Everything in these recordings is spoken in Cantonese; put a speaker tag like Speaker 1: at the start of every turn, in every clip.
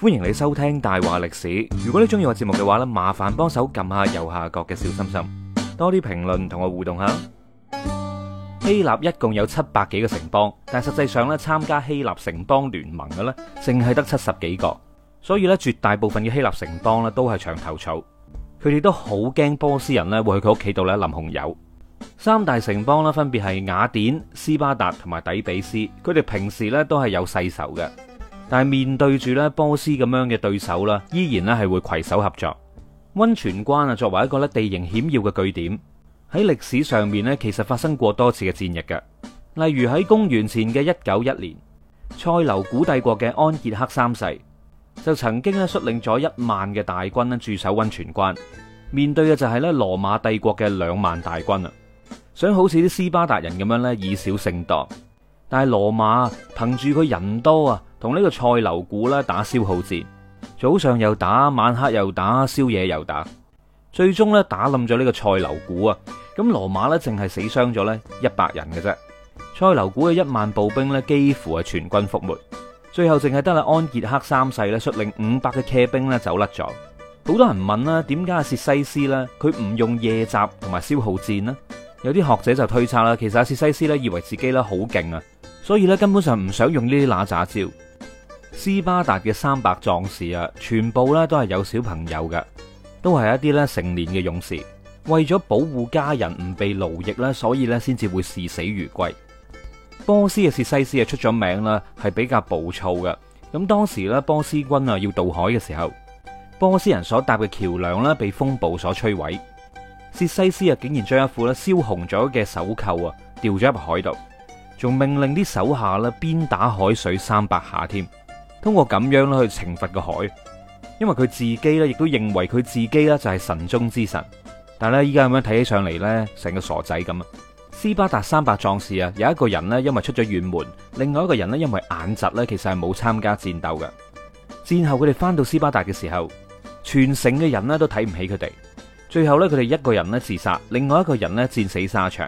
Speaker 1: 歡迎你收聽大話歷史。如果你中意我節目嘅話呢，麻煩幫手撳下右下角嘅小心心，多啲評論同我互動下。希臘一共有七百幾個城邦，但係實際上咧參加希臘城邦聯盟嘅呢，淨係得七十幾個，所以咧絕大部分嘅希臘城邦呢，都係牆頭草，佢哋都好驚波斯人呢會去佢屋企度咧淋紅油。三大城邦啦，分別係雅典、斯巴達同埋底比斯，佢哋平時呢，都係有世仇嘅。但係面對住咧波斯咁樣嘅對手啦，依然咧係會攜手合作。溫泉關啊，作為一個咧地形險要嘅據點，喺歷史上面咧其實發生過多次嘅戰役嘅。例如喺公元前嘅一九一年，塞琉古帝國嘅安傑克三世就曾經咧率領咗一萬嘅大軍咧駐守溫泉關，面對嘅就係咧羅馬帝國嘅兩萬大軍啊，想好似啲斯巴達人咁樣咧以少勝多。但係羅馬憑住佢人多啊，同呢個塞琉古咧打消耗戰，早上又打，晚黑又打，宵夜又打，最終咧打冧咗呢個塞琉古啊。咁羅馬呢淨係死傷咗呢一百人嘅啫，塞琉古嘅一萬步兵呢幾乎係全軍覆沒，最後淨係得阿安杰克三世咧率領五百嘅騎兵呢走甩咗。好多人問啦，點解阿薛西斯呢？佢唔用夜襲同埋消耗戰呢？有啲學者就推測啦，其實阿薛西斯呢以為自己咧好勁啊。所以咧根本上唔想用呢啲嗱喳招。斯巴達嘅三百壯士啊，全部咧都係有小朋友嘅，都係一啲咧成年嘅勇士。為咗保護家人唔被奴役咧，所以咧先至會視死如歸。波斯嘅薛西斯啊出咗名啦，係比較暴躁嘅。咁當時咧波斯軍啊要渡海嘅時候，波斯人所搭嘅橋樑咧被風暴所摧毀。薛西斯啊竟然將一副咧燒紅咗嘅手扣啊掉咗入海度。仲命令啲手下咧鞭打海水三百下添，通過咁樣咧去懲罰個海，因為佢自己咧亦都認為佢自己咧就係神中之神，但係咧依家咁樣睇起上嚟咧，成個傻仔咁啊！斯巴達三百壯士啊，有一個人呢因為出咗遠門，另外一個人呢因為眼疾咧，其實係冇參加戰鬥嘅。戰後佢哋翻到斯巴達嘅時候，全城嘅人呢都睇唔起佢哋。最後咧佢哋一個人呢自殺，另外一個人呢戰死沙場。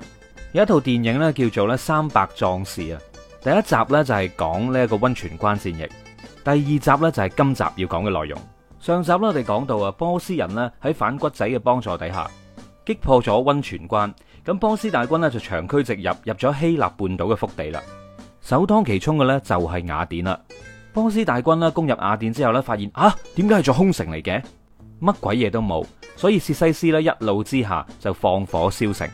Speaker 1: 有一套電影咧，叫做咧《三百壯士》啊。第一集咧就係講呢一個溫泉關戰役，第二集咧就係今集要講嘅內容。上集咧我哋講到啊，波斯人咧喺反骨仔嘅幫助底下擊破咗溫泉關，咁波斯大軍咧就長驅直入，入咗希臘半島嘅腹地啦。首當其衝嘅咧就係雅典啦。波斯大軍咧攻入雅典之後咧，發現吓點解係座空城嚟嘅，乜鬼嘢都冇，所以薛西斯咧一怒之下就放火燒城。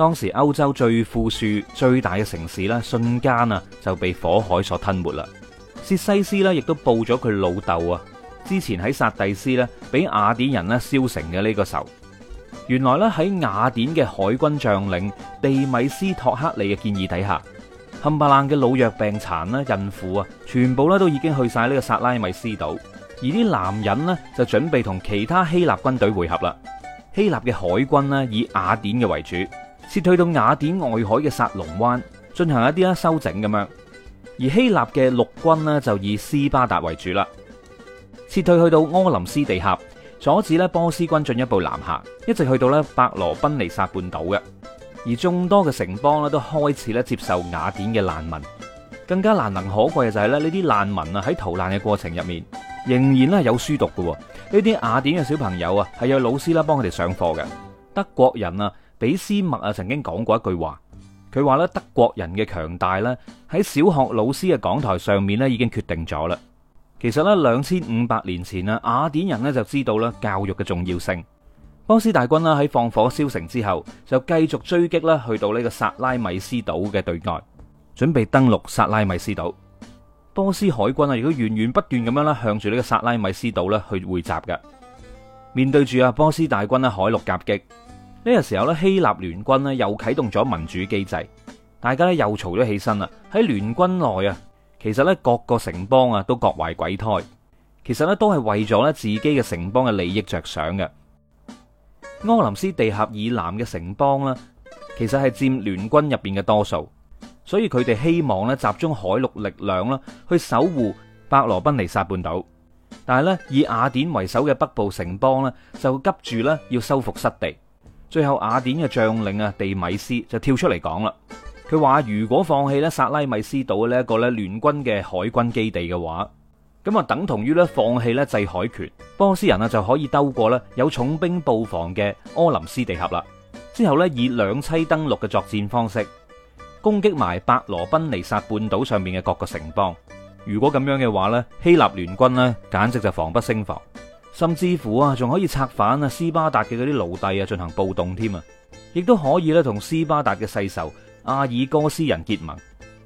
Speaker 1: 當時歐洲最富庶、最大嘅城市呢瞬間啊就被火海所吞沒啦。薛西斯呢亦都報咗佢老豆啊，之前喺薩第斯呢，俾雅典人呢燒成嘅呢個仇。原來呢，喺雅典嘅海軍將領地米斯托克利嘅建議底下，冚唪唥嘅老弱病殘啦、孕婦啊，全部呢都已經去晒呢個薩拉米斯島，而啲男人呢，就準備同其他希臘軍隊會合啦。希臘嘅海軍呢，以雅典嘅為主。撤退到雅典外海嘅薩隆灣進行一啲啦修整咁樣，而希臘嘅陸軍呢，就以斯巴達為主啦，撤退去到柯林斯地峽，阻止咧波斯軍進一步南下，一直去到咧伯羅奔尼撒半島嘅，而眾多嘅城邦呢，都開始咧接受雅典嘅難民，更加難能可貴嘅就係咧呢啲難民啊喺逃難嘅過程入面仍然咧有書讀嘅，呢啲雅典嘅小朋友啊係有老師啦幫佢哋上課嘅，德國人啊。俾斯麥啊，曾經講過一句話，佢話咧德國人嘅強大咧喺小學老師嘅講台上面咧已經決定咗啦。其實咧兩千五百年前啊，雅典人咧就知道咧教育嘅重要性。波斯大軍啦喺放火燒城之後，就繼續追擊啦去到呢個薩拉米斯島嘅對岸，準備登陸薩拉米斯島。波斯海軍啊，如果源源不斷咁樣咧向住呢個薩拉米斯島咧去匯集嘅，面對住啊波斯大軍咧海陸夾擊。呢個時候咧，希臘聯軍咧又啟動咗民主機制，大家咧又吵咗起身啦。喺聯軍內啊，其實咧各個城邦啊都各懷鬼胎，其實咧都係為咗咧自己嘅城邦嘅利益着想嘅。柯林斯地峽以南嘅城邦啦，其實係佔聯軍入邊嘅多數，所以佢哋希望咧集中海陸力量啦，去守護伯羅奔尼撒半島。但係咧，以雅典為首嘅北部城邦咧，就急住咧要收復失地。最後雅典嘅將領啊，地米斯就跳出嚟講啦，佢話如果放棄咧薩拉米斯島呢一個咧聯軍嘅海軍基地嘅話，咁啊等同於咧放棄咧制海權，波斯人啊就可以兜過咧有重兵佈防嘅柯林斯地峽啦，之後咧以兩棲登陸嘅作戰方式攻擊埋伯羅奔尼撒半島上面嘅各個城邦。如果咁樣嘅話咧，希臘聯軍呢簡直就防不勝防。甚至乎啊，仲可以策反啊斯巴達嘅嗰啲奴隸啊進行暴動添啊，亦都可以咧同斯巴達嘅世仇阿爾戈斯人結盟。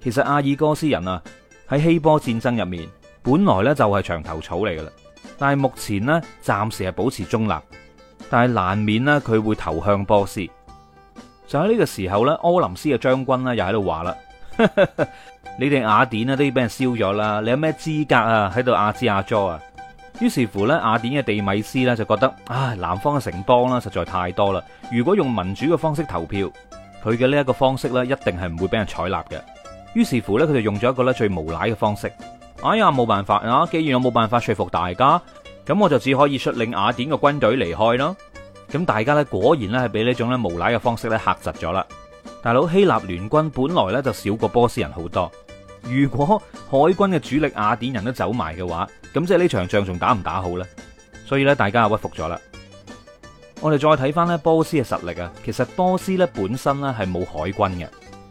Speaker 1: 其實阿爾戈斯人啊喺希波戰爭入面本來咧就係牆頭草嚟噶啦，但係目前呢，暫時係保持中立，但係難免呢，佢會投向波斯。就喺呢個時候呢，柯林斯嘅將軍咧又喺度話啦： 你哋雅典啊都要俾人燒咗啦，你有咩資格啊喺度阿茲阿佐啊？於是乎咧，雅典嘅地米斯咧就覺得，唉，南方嘅城邦啦實在太多啦。如果用民主嘅方式投票，佢嘅呢一個方式咧一定係唔會俾人採納嘅。於是乎咧，佢就用咗一個咧最無賴嘅方式。哎呀，冇辦法啊！既然我冇辦法說服大家，咁我就只可以率領雅典嘅軍隊離開咯。咁大家咧果然咧係俾呢種咧無賴嘅方式咧嚇窒咗啦。大佬，希臘聯軍本來咧就少過波斯人好多。如果海軍嘅主力雅典人都走埋嘅話，咁即係呢場仗仲打唔打好呢？所以咧，大家屈服咗啦。我哋再睇翻咧波斯嘅實力啊，其實波斯咧本身咧係冇海軍嘅，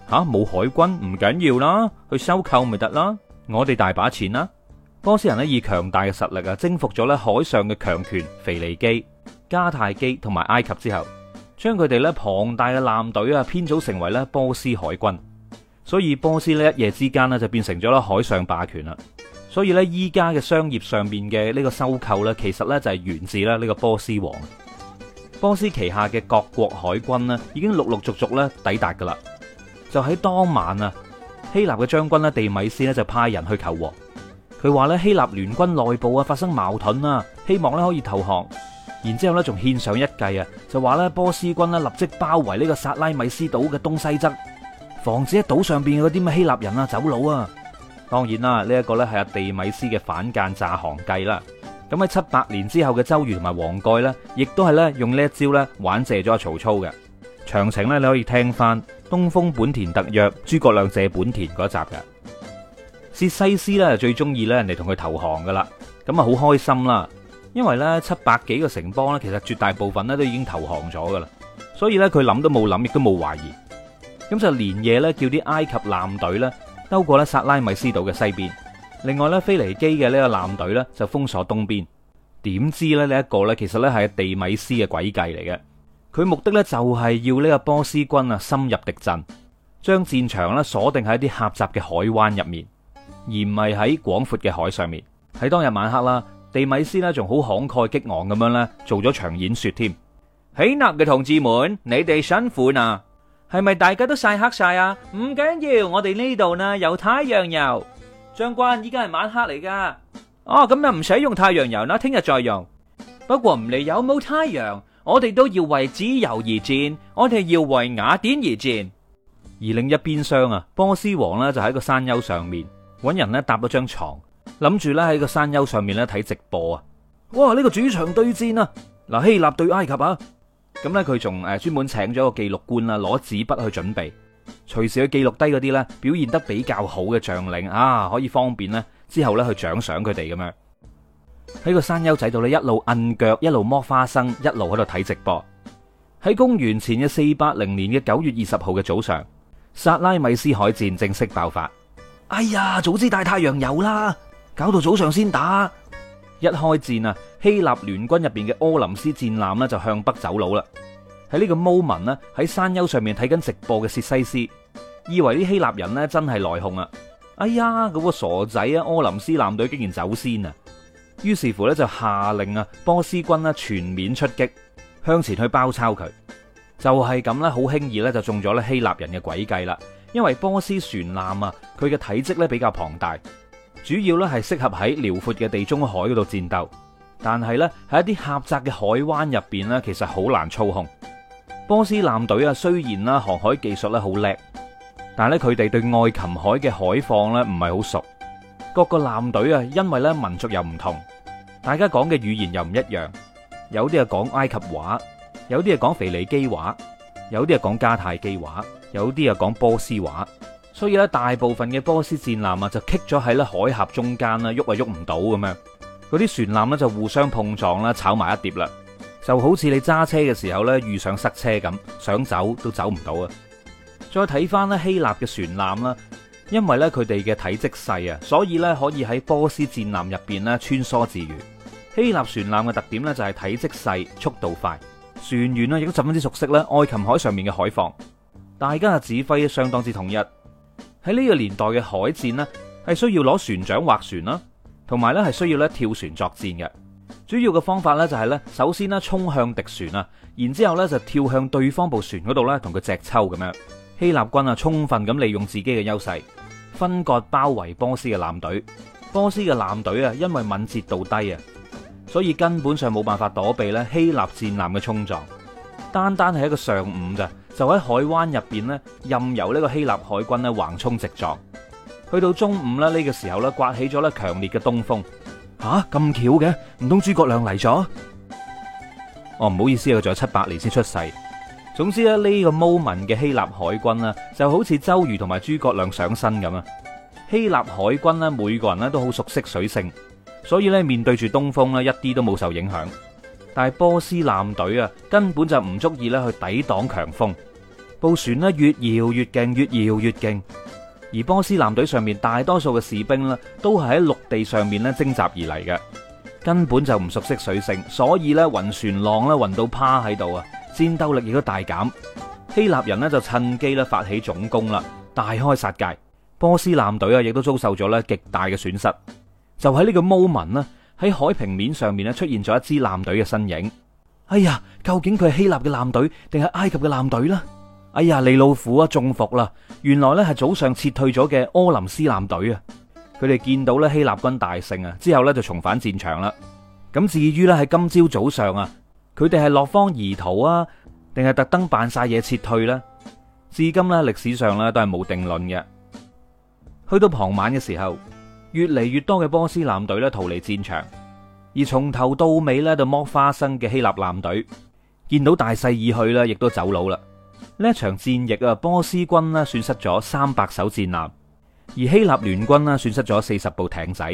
Speaker 1: 吓、啊、冇海軍唔緊要啦，去收購咪得啦。我哋大把錢啦。波斯人咧以強大嘅實力啊，征服咗咧海上嘅強權腓尼基、迦太基同埋埃及之後，將佢哋咧龐大嘅艦隊啊編組成為咧波斯海軍。所以波斯呢一夜之間呢，就變成咗咧海上霸權啦。所以呢，依家嘅商業上面嘅呢個收購呢，其實呢，就係源自咧呢個波斯王。波斯旗下嘅各國海軍呢，已經陸陸續續咧抵達噶啦。就喺當晚啊，希臘嘅將軍呢，地米斯呢，就派人去求和。佢話呢，希臘聯軍內部啊發生矛盾啊，希望呢可以投降。然之後咧仲獻上一計啊，就話呢，波斯軍呢，立即包圍呢個薩拉米斯島嘅東西側。防止喺島上邊嗰啲咩希臘人啊走佬啊，當然啦，呢一個呢係阿地米斯嘅反間詐降計啦。咁喺七百年之後嘅周瑜同埋黃蓋呢，亦都係呢用呢一招呢玩借咗阿曹操嘅。詳情呢，你可以聽翻《東風本田特約諸葛亮借本田》嗰一集嘅。薛西斯呢，最中意呢人哋同佢投降噶啦，咁啊好開心啦，因為呢，七百幾個城邦呢，其實絕大部分呢都已經投降咗噶啦，所以呢，佢諗都冇諗，亦都冇懷疑。咁就連夜咧叫啲埃及艦隊咧兜過咧薩拉米斯島嘅西邊，另外咧腓尼基嘅呢個艦隊咧就封鎖東邊。點知咧呢一個咧其實咧係地米斯嘅詭計嚟嘅，佢目的呢，就係要呢個波斯軍啊深入敵陣，將戰場咧鎖定喺啲狹窄嘅海灣入面，而唔係喺廣闊嘅海上面。喺當日晚黑啦，地米斯啦仲好慷慨激昂咁樣咧做咗場演說添，希臘嘅同志們，你哋辛苦啦！係咪大家都晒黑晒啊？唔緊要，我哋呢度呢有太陽油。將軍，依家係晚黑嚟噶。哦，咁就唔使用太陽油啦，聽日再用。不過唔理有冇太陽，我哋都要為自由而戰，我哋要為雅典而戰。而另一邊廂啊，波斯王呢就喺個山丘上面揾人呢搭咗張床，諗住呢喺個山丘上面呢睇直播啊。哇！呢個主場對戰啊，嗱，希臘對埃及啊。咁呢，佢仲誒專門請咗個記錄官啦，攞紙筆去準備，隨時去記錄低嗰啲呢表現得比較好嘅將領啊，可以方便呢之後呢去獎賞佢哋咁樣。喺個山丘仔度呢一路摁腳，一路剝花生，一路喺度睇直播。喺公元前嘅四八零年嘅九月二十號嘅早上，薩拉米斯海戰正式爆發。哎呀，早知帶太陽油啦，搞到早上先打。一開戰啊，希臘聯軍入邊嘅柯林斯戰艦呢就向北走佬啦。喺呢個 moment 呢，喺山丘上面睇緊直播嘅薛西斯，以為啲希臘人呢真係內訌啊！哎呀，咁，嗰個傻仔啊，柯林斯艦隊竟然走先啊！於是乎呢，就下令啊，波斯軍咧全面出擊，向前去包抄佢。就係咁呢，好輕易咧就中咗咧希臘人嘅詭計啦。因為波斯船艦啊，佢嘅體積咧比較龐大。主要咧係適合喺遼闊嘅地中海嗰度戰鬥，但係咧喺一啲狹窄嘅海灣入邊呢，其實好難操控。波斯艦隊啊，雖然啦航海技術咧好叻，但係咧佢哋對愛琴海嘅海況咧唔係好熟。各個艦隊啊，因為咧民族又唔同，大家講嘅語言又唔一樣，有啲係講埃及話，有啲係講腓尼基話，有啲係講加泰基話，有啲係講波斯話。所以咧，大部分嘅波斯戰艦啊，就棘咗喺咧海峽中間啦，喐啊喐唔到咁樣。嗰啲船艦咧就互相碰撞啦，炒埋一碟啦，就好似你揸車嘅時候咧遇上塞車咁，想走都走唔到啊。再睇翻呢希臘嘅船艦啦，因為咧佢哋嘅體積細啊，所以咧可以喺波斯戰艦入邊咧穿梭自如。希臘船艦嘅特點咧就係體積細、速度快，船員咧亦都十分之熟悉呢愛琴海上面嘅海況，大家嘅指揮相當之統一。喺呢個年代嘅海戰呢係需要攞船槳劃船啦，同埋呢係需要咧跳船作戰嘅。主要嘅方法呢，就係呢：首先呢，衝向敵船啊，然之後咧就跳向對方部船嗰度呢，同佢隻抽咁樣。希臘軍啊，充分咁利用自己嘅優勢，分割包圍波斯嘅艦隊。波斯嘅艦隊啊，因為敏捷度低啊，所以根本上冇辦法躲避呢希臘戰艦嘅衝撞，單單係一個上午咋。就喺海灣入邊咧，任由呢個希臘海軍咧橫衝直撞。去到中午咧，呢個時候咧颳起咗咧強烈嘅東風。吓、啊、咁巧嘅，唔通諸葛亮嚟咗？哦，唔好意思啊，佢仲有七百年先出世。總之咧，呢、呢個 moment 嘅希臘海軍咧，就好似周瑜同埋諸葛亮上身咁啊。希臘海軍咧，每個人咧都好熟悉水性，所以咧面對住東風咧，一啲都冇受影響。但係波斯艦隊啊，根本就唔足以咧去抵擋強風，部船咧越搖越勁，越搖越勁。而波斯艦隊上面大多數嘅士兵咧，都係喺陸地上面咧徵集而嚟嘅，根本就唔熟悉水性，所以呢，暈船浪呢，暈到趴喺度啊，戰鬥力亦都大減。希臘人呢，就趁機咧發起總攻啦，大開殺戒。波斯艦隊啊，亦都遭受咗咧極大嘅損失。就喺呢個 moment 咧。喺海平面上面咧出現咗一支艦隊嘅身影。哎呀，究竟佢係希臘嘅艦隊定係埃及嘅艦隊呢？哎呀，利老虎啊，中伏啦！原來呢係早上撤退咗嘅柯林斯艦隊啊。佢哋見到呢希臘軍大勝啊，之後呢就重返戰場啦。咁至於呢，喺今朝早上啊，佢哋係落荒而逃啊，定係特登扮晒嘢撤退呢？至今呢，歷史上呢都係冇定論嘅。去到傍晚嘅時候。越嚟越多嘅波斯艦隊咧逃離戰場，而從頭到尾呢就剝花生嘅希臘艦隊，見到大勢已去啦，亦都走佬啦。呢一場戰役啊，波斯軍咧損失咗三百艘戰艦，而希臘聯軍咧損失咗四十部艇仔。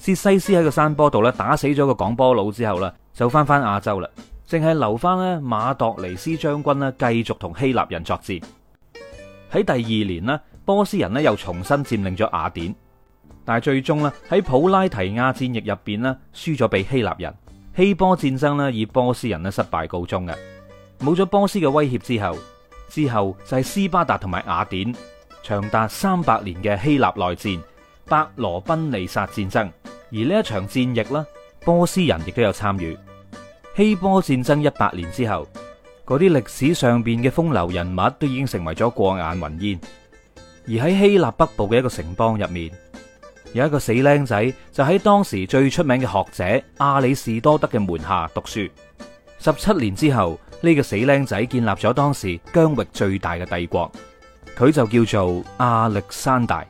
Speaker 1: 薛西斯喺個山坡度咧打死咗個廣波佬之後啦，就返返亞洲啦，淨係留翻咧馬鐸尼斯將軍咧繼續同希臘人作戰。喺第二年咧，波斯人咧又重新佔領咗雅典。但係最終咧，喺普拉提亞戰役入邊咧，輸咗俾希臘人。希波戰爭咧，以波斯人咧失敗告終嘅。冇咗波斯嘅威脅之後，之後就係斯巴達同埋雅典長達三百年嘅希臘內戰——伯羅奔尼撒戰爭。而呢一場戰役咧，波斯人亦都有參與。希波戰爭一百年之後，嗰啲歷史上邊嘅風流人物都已經成為咗過眼雲煙。而喺希臘北部嘅一個城邦入面。有一個死僆仔，就喺當時最出名嘅學者亞里士多德嘅門下讀書。十七年之後，呢個死僆仔建立咗當時疆域最大嘅帝國，佢就叫做亞歷山大。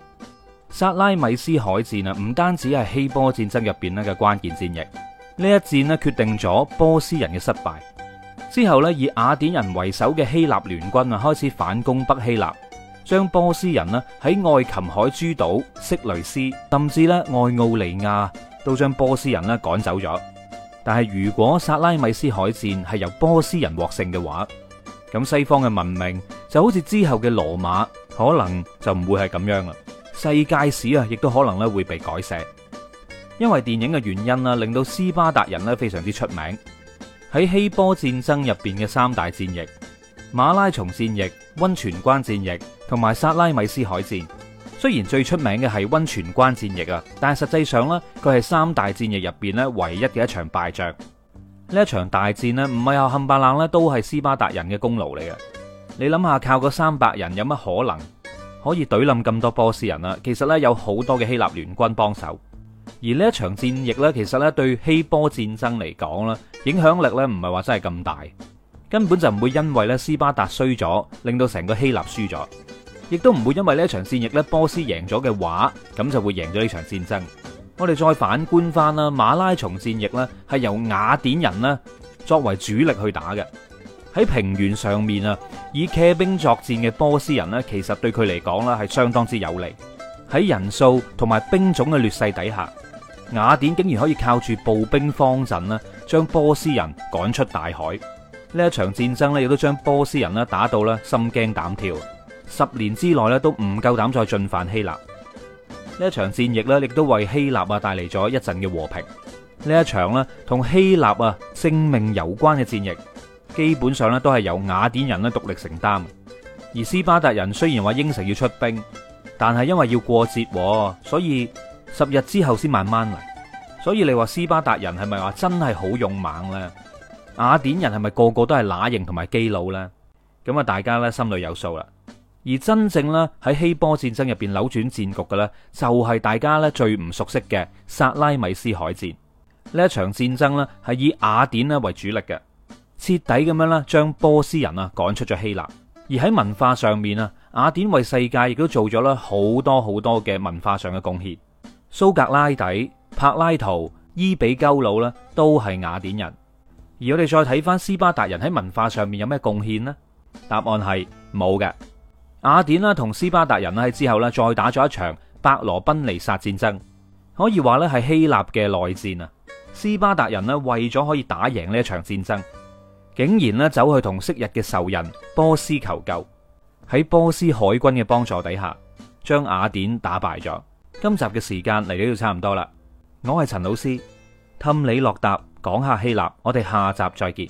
Speaker 1: 薩拉米斯海戰啊，唔單止係希波戰爭入邊咧嘅關鍵戰役，呢一戰咧決定咗波斯人嘅失敗。之後咧，以雅典人為首嘅希臘聯軍啊，開始反攻北希臘。將波斯人咧喺愛琴海諸島、色雷斯，甚至咧愛奧尼亞都將波斯人咧趕走咗。但係如果薩拉米斯海戰係由波斯人獲勝嘅話，咁西方嘅文明就好似之後嘅羅馬，可能就唔會係咁樣啦。世界史啊，亦都可能咧會被改寫，因為電影嘅原因啦，令到斯巴達人咧非常之出名。喺希波戰爭入邊嘅三大戰役：馬拉松戰役、温泉關戰役。同埋薩拉米斯海戰，雖然最出名嘅係溫泉關戰役啊，但係實際上呢，佢係三大戰役入邊呢唯一嘅一場敗仗。呢一場大戰呢，唔係又冚白冷咧，都係斯巴達人嘅功勞嚟嘅。你諗下，靠個三百人有乜可能可以隊冧咁多波斯人啊？其實呢，有好多嘅希臘聯軍幫手。而呢一場戰役呢，其實呢對希波戰爭嚟講咧，影響力呢唔係話真係咁大，根本就唔會因為呢斯巴達衰咗，令到成個希臘輸咗。亦都唔會因為呢一場戰役咧，波斯贏咗嘅話，咁就會贏咗呢場戰爭。我哋再反觀翻啦，馬拉松戰役咧係由雅典人咧作為主力去打嘅。喺平原上面啊，以騎兵作戰嘅波斯人咧，其實對佢嚟講咧係相當之有利。喺人數同埋兵種嘅劣勢底下，雅典竟然可以靠住步兵方陣咧，將波斯人趕出大海。呢一場戰爭咧，亦都將波斯人咧打到咧心驚膽跳。十年之內咧，都唔夠膽再進犯希臘。呢一場戰役咧，亦都為希臘啊帶嚟咗一陣嘅和平。呢一場咧同希臘啊性命有關嘅戰役，基本上咧都係由雅典人咧獨力承擔。而斯巴達人雖然話應承要出兵，但係因為要過節，所以十日之後先慢慢嚟。所以你話斯巴達人係咪話真係好勇猛呢？雅典人係咪個個都係乸型同埋基佬呢？咁啊，大家咧心裏有數啦。而真正咧喺希波戰爭入邊扭轉戰局嘅咧，就係大家咧最唔熟悉嘅薩拉米斯海戰。呢一場戰爭咧，係以雅典咧為主力嘅，徹底咁樣咧將波斯人啊趕出咗希臘。而喺文化上面啊，雅典為世界亦都做咗咧好多好多嘅文化上嘅貢獻。蘇格拉底、柏拉圖、伊比鳩魯咧都係雅典人。而我哋再睇翻，斯巴達人喺文化上面有咩貢獻呢？答案係冇嘅。雅典啦同斯巴達人啦之後咧再打咗一場伯羅奔尼撒戰爭，可以話咧係希臘嘅內戰啊。斯巴達人咧為咗可以打贏呢一場戰爭，竟然咧走去同昔日嘅仇人波斯求救，喺波斯海軍嘅幫助底下，將雅典打敗咗。今集嘅時間嚟到差唔多啦，我係陳老師，氹你落答講下希臘，我哋下集再見。